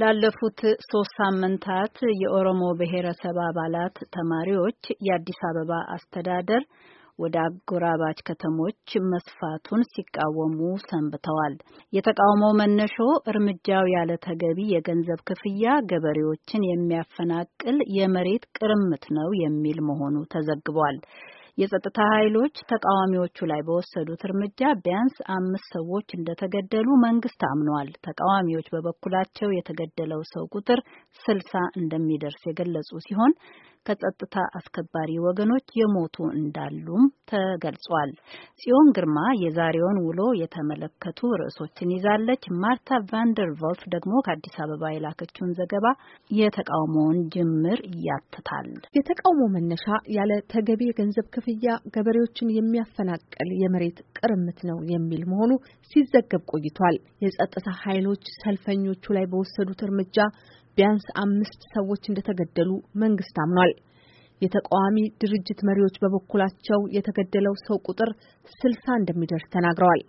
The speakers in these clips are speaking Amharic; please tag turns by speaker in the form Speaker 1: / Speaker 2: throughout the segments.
Speaker 1: ላለፉት ሶስት ሳምንታት የኦሮሞ ብሔረሰብ አባላት ተማሪዎች የአዲስ አበባ አስተዳደር ወደ አጎራባች ከተሞች መስፋቱን ሲቃወሙ ሰንብተዋል። የተቃውሞው መነሾ እርምጃው ያለ ተገቢ የገንዘብ ክፍያ ገበሬዎችን የሚያፈናቅል የመሬት ቅርምት ነው የሚል መሆኑ ተዘግቧል። የጸጥታ ኃይሎች ተቃዋሚዎቹ ላይ በወሰዱት እርምጃ ቢያንስ አምስት ሰዎች እንደተገደሉ መንግስት አምኗል። ተቃዋሚዎች በበኩላቸው የተገደለው ሰው ቁጥር ስልሳ እንደሚደርስ የገለጹ ሲሆን ከጸጥታ አስከባሪ ወገኖች የሞቱ እንዳሉም ተገልጿል። ጽዮን ግርማ የዛሬውን ውሎ የተመለከቱ ርዕሶችን ይዛለች። ማርታ ቮልፍ ደግሞ ከአዲስ አበባ የላከችውን ዘገባ የተቃውሞውን ጅምር ያትታል።
Speaker 2: የተቃውሞ መነሻ ያለ ተገቢ የገንዘብ ክፍያ ገበሬዎችን የሚያፈናቅል የመሬት ቅርምት ነው የሚል መሆኑ ሲዘገብ ቆይቷል። የጸጥታ ኃይሎች ሰልፈኞቹ ላይ በወሰዱት እርምጃ ቢያንስ አምስት ሰዎች እንደተገደሉ መንግስት አምኗል። የተቃዋሚ ድርጅት መሪዎች በበኩላቸው የተገደለው ሰው ቁጥር ስልሳ እንደሚደርስ ተናግረዋል።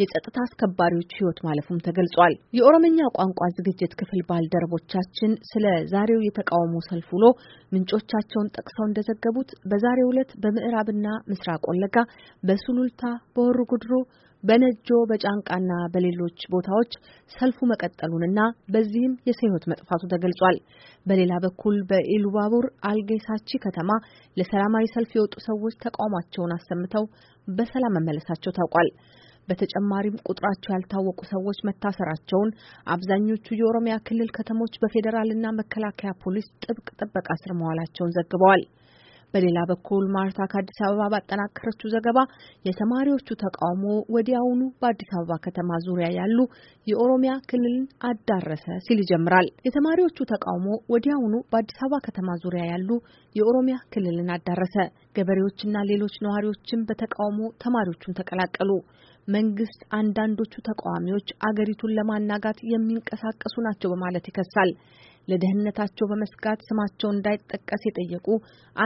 Speaker 2: የጸጥታ አስከባሪዎች ህይወት ማለፉም ተገልጿል። የኦሮምኛ ቋንቋ ዝግጅት ክፍል ባልደረቦቻችን ስለ ዛሬው የተቃውሞ ሰልፍ ውሎ ምንጮቻቸውን ጠቅሰው እንደዘገቡት በዛሬው ዕለት በምዕራብና ምስራቅ ወለጋ፣ በሱሉልታ፣ በሆሮ ጉድሩ በነጆ በጫንቃና በሌሎች ቦታዎች ሰልፉ መቀጠሉንና በዚህም የሰው ህይወት መጥፋቱ ተገልጿል። በሌላ በኩል በኢሉባቡር አልጌሳቺ ከተማ ለሰላማዊ ሰልፍ የወጡ ሰዎች ተቃውሟቸውን አሰምተው በሰላም መመለሳቸው ታውቋል። በተጨማሪም ቁጥራቸው ያልታወቁ ሰዎች መታሰራቸውን፣ አብዛኞቹ የኦሮሚያ ክልል ከተሞች በፌዴራልና መከላከያ ፖሊስ ጥብቅ ጥበቃ ስር መዋላቸውን ዘግበዋል። በሌላ በኩል ማርታ ከአዲስ አበባ ባጠናከረችው ዘገባ የተማሪዎቹ ተቃውሞ ወዲያውኑ በአዲስ አበባ ከተማ ዙሪያ ያሉ የኦሮሚያ ክልልን አዳረሰ ሲል ይጀምራል። የተማሪዎቹ ተቃውሞ ወዲያውኑ በአዲስ አበባ ከተማ ዙሪያ ያሉ የኦሮሚያ ክልልን አዳረሰ። ገበሬዎችና ሌሎች ነዋሪዎችም በተቃውሞ ተማሪዎቹን ተቀላቀሉ። መንግስት አንዳንዶቹ ተቃዋሚዎች አገሪቱን ለማናጋት የሚንቀሳቀሱ ናቸው በማለት ይከሳል። ለደህንነታቸው በመስጋት ስማቸው እንዳይጠቀስ የጠየቁ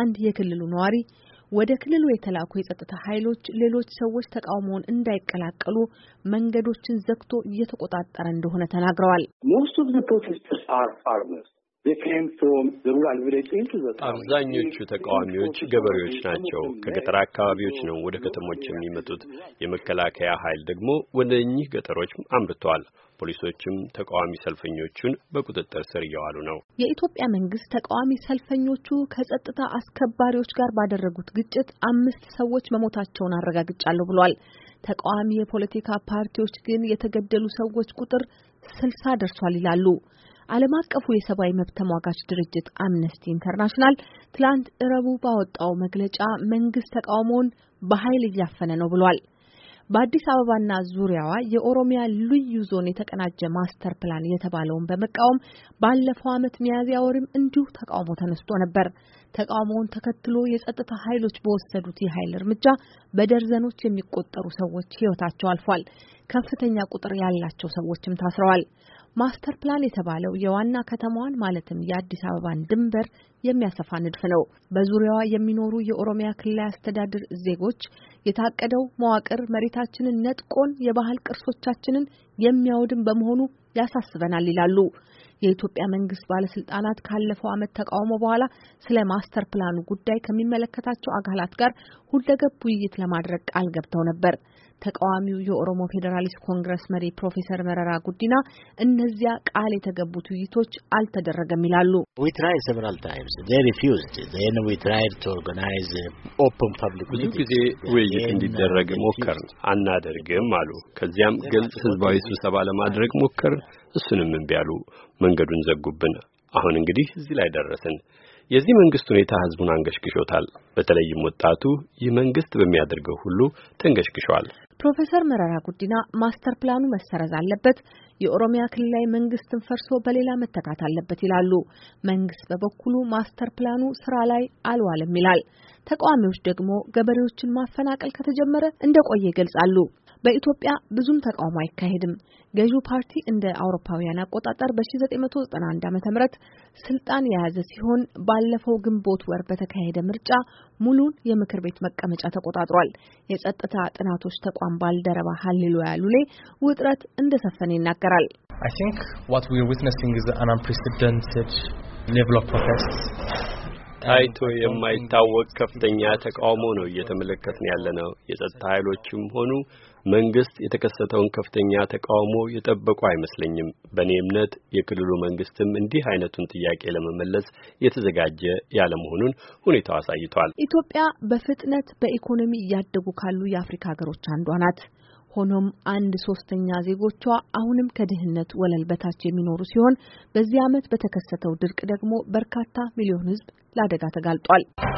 Speaker 2: አንድ የክልሉ ነዋሪ ወደ ክልሉ የተላኩ የጸጥታ ኃይሎች ሌሎች ሰዎች ተቃውሞውን እንዳይቀላቀሉ መንገዶችን ዘግቶ እየተቆጣጠረ እንደሆነ ተናግረዋል።
Speaker 3: አብዛኞቹ ተቃዋሚዎች ገበሬዎች ናቸው። ከገጠር አካባቢዎች ነው ወደ ከተሞች የሚመጡት። የመከላከያ ኃይል ደግሞ ወደ እኚህ ገጠሮች አምርቷል። ፖሊሶችም ተቃዋሚ ሰልፈኞቹን በቁጥጥር ስር እየዋሉ ነው።
Speaker 2: የኢትዮጵያ መንግስት ተቃዋሚ ሰልፈኞቹ ከጸጥታ አስከባሪዎች ጋር ባደረጉት ግጭት አምስት ሰዎች መሞታቸውን አረጋግጫለሁ ብሏል። ተቃዋሚ የፖለቲካ ፓርቲዎች ግን የተገደሉ ሰዎች ቁጥር ስልሳ ደርሷል ይላሉ። ዓለም አቀፉ የሰብአዊ መብት ተሟጋች ድርጅት አምነስቲ ኢንተርናሽናል ትላንት እረቡ ባወጣው መግለጫ መንግስት ተቃውሞውን በኃይል እያፈነ ነው ብሏል። በአዲስ አበባና ዙሪያዋ የኦሮሚያ ልዩ ዞን የተቀናጀ ማስተር ፕላን የተባለውን በመቃወም ባለፈው ዓመት ሚያዝያ ወርም እንዲሁ ተቃውሞ ተነስቶ ነበር። ተቃውሞውን ተከትሎ የጸጥታ ኃይሎች በወሰዱት የኃይል እርምጃ በደርዘኖች የሚቆጠሩ ሰዎች ሕይወታቸው አልፏል። ከፍተኛ ቁጥር ያላቸው ሰዎችም ታስረዋል። ማስተር ፕላን የተባለው የዋና ከተማዋን ማለትም የአዲስ አበባን ድንበር የሚያሰፋ ንድፍ ነው። በዙሪያዋ የሚኖሩ የኦሮሚያ ክልላዊ አስተዳደር ዜጎች የታቀደው መዋቅር መሬታችንን ነጥቆን የባህል ቅርሶቻችንን የሚያወድም በመሆኑ ያሳስበናል ይላሉ። የኢትዮጵያ መንግስት ባለስልጣናት ካለፈው ዓመት ተቃውሞ በኋላ ስለ ማስተር ፕላኑ ጉዳይ ከሚመለከታቸው አካላት ጋር ሁለገብ ውይይት ለማድረግ ቃል ገብተው ነበር። ተቃዋሚው የኦሮሞ ፌዴራሊስት ኮንግረስ መሪ ፕሮፌሰር መረራ ጉዲና እነዚያ ቃል የተገቡት ውይይቶች አልተደረገም ይላሉ። ብዙ ጊዜ
Speaker 3: ውይይት እንዲደረግ ሞከር አናደርግም አሉ። ከዚያም ግልጽ ህዝባዊ ስብሰባ ለማድረግ ሞከር እሱንም እምቢ አሉ። መንገዱን ዘጉብን። አሁን እንግዲህ እዚህ ላይ ደረስን። የዚህ መንግስት ሁኔታ ህዝቡን አንገሽግሾታል። በተለይም ወጣቱ ይህ መንግስት በሚያደርገው ሁሉ ተንገሽግሸዋል።
Speaker 2: ፕሮፌሰር መረራ ጉዲና ማስተር ፕላኑ መሰረዝ አለበት፣ የኦሮሚያ ክልላዊ መንግስትን ፈርሶ በሌላ መተካት አለበት ይላሉ። መንግስት በበኩሉ ማስተር ፕላኑ ስራ ላይ አልዋልም ይላል። ተቃዋሚዎች ደግሞ ገበሬዎችን ማፈናቀል ከተጀመረ እንደቆየ ይገልጻሉ። በኢትዮጵያ ብዙም ተቃውሞ አይካሄድም። ገዢው ፓርቲ እንደ አውሮፓውያን አቆጣጠር በ1991 ዓ.ም ስልጣን የያዘ ሲሆን ባለፈው ግንቦት ወር በተካሄደ ምርጫ ሙሉን የምክር ቤት መቀመጫ ተቆጣጥሯል። የጸጥታ ጥናቶች ተቋም ባልደረባ ሀሊሉያ ሉሌ ውጥረት እንደሰፈነ ይናገራል። I think what we are witnessing is an unprecedented level of
Speaker 3: ታይቶ የማይታወቅ ከፍተኛ ተቃውሞ ነው እየተመለከትን ያለ ነው። የጸጥታ ኃይሎችም ሆኑ መንግስት የተከሰተውን ከፍተኛ ተቃውሞ የጠበቁ አይመስለኝም። በእኔ እምነት የክልሉ መንግስትም እንዲህ አይነቱን ጥያቄ ለመመለስ የተዘጋጀ ያለ መሆኑን ሁኔታው አሳይቷል።
Speaker 2: ኢትዮጵያ በፍጥነት በኢኮኖሚ እያደጉ ካሉ የአፍሪካ ሀገሮች አንዷ ናት። ሆኖም አንድ ሶስተኛ ዜጎቿ አሁንም ከድህነት ወለል በታች የሚኖሩ ሲሆን በዚህ ዓመት በተከሰተው ድርቅ ደግሞ በርካታ ሚሊዮን ሕዝብ ለአደጋ ተጋልጧል።